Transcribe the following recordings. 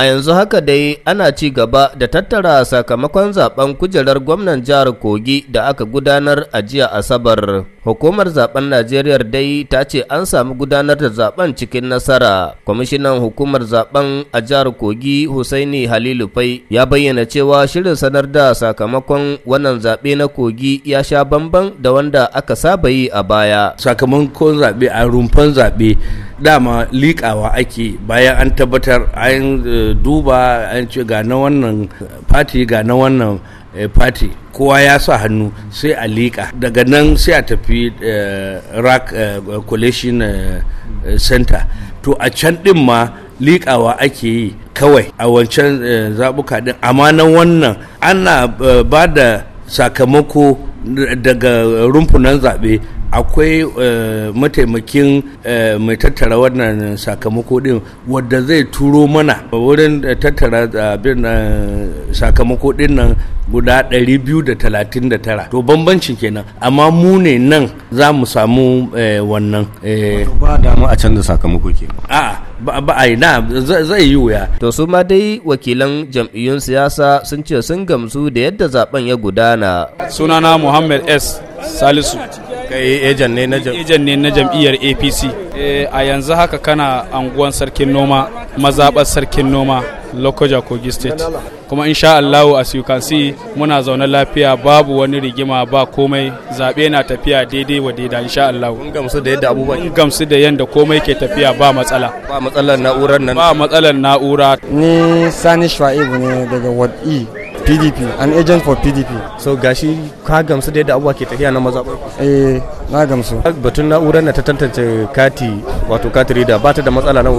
A yanzu haka dai ana ci gaba da tattara sakamakon zaben kujerar gwamnan jihar Kogi da aka gudanar a jiya Asabar. Hukumar zaben Najeriya dai ta ce an samu gudanar da zaben cikin nasara. Kwamishinan hukumar zaben a jihar Kogi Husaini Halilu Fai ya bayyana cewa shirin sanar da sakamakon wannan zaɓe na Kogi ya sha bamban da wanda aka saba yi a baya. Sakamakon zaɓe a rumfan zaɓe dama likawa ake bayan an tabbatar an eh, duba an ce ga na wannan fati ga na wannan eh, fati kowa ya sa hannu sai a liƙa daga nan sai a tafi eh, rack eh, collation center to a can ɗin ma liƙawa ake yi kawai a wancan zaɓuka ɗin amma na wannan ana ba da sakamako daga rumfunan zaɓe akwai eh, mataimakin eh, mai tattara wannan sakamako din wadda zai turo mana wurin tattara abin eh, sakamako din nan guda 239 to bambancin kenan amma mu ne nan za mu samu wannan ba damu a canza sakamako kenan a'a ba a yi na zai yi wuya. To su ma dai wakilan jam'iyyun siyasa sun ce sun gamsu da yadda zaben ya gudana. Sunana Muhammad S. Salisu. kai ejan ne na ejan ne na jam'iyyar apc eh, a yanzu haka kana anguwan sarkin noma mazaɓar sarkin noma lokoja kogi state kuma insha Allah as you can see muna zaune lafiya babu wani rigima ba komai zaɓe na tafiya daidai wa daida insha allahu mun gamsu da yadda abubuwan mun gamsu da yadda komai ke tafiya ba matsala ba matsalar na'urar nan ba matsalar na'ura ni sani shu'aibu ne daga wad'i e. PDP, an agent for PDP. So gashi ka gamsu da yadda abubuwa ke tafiya na mazaɓar Eh, na gamsu. Batun na'urar na ta tantance kati wato kati reader ba ta da matsala na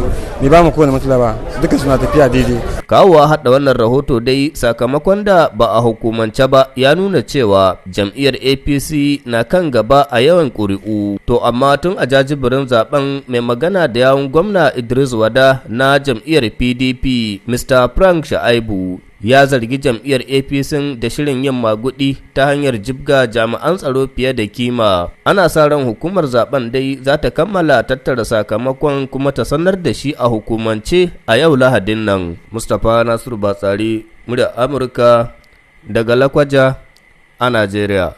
Ni ba mu kowane matsala ba, duka suna tafiya daidai. Kawowa haɗa wannan rahoto dai sakamakon da ba a hukumance ba ya nuna cewa jam'iyyar APC na kan gaba a yawan ƙuri'u. To amma tun a jajibirin zaben mai magana da yawun gwamna Idris Wada na jam'iyyar PDP Mr. Frank Sha'aibu ya zargi jam'iyyar apc da shirin yin magudi ta hanyar jibga jami'an tsaro fiye da kima ana sa ran hukumar zaben dai za ta kammala tattara sakamakon kuma ta sanar da shi a hukumance a yau lahadin nan mustapha nasiru batsari murya amurka daga lakwaja a najeriya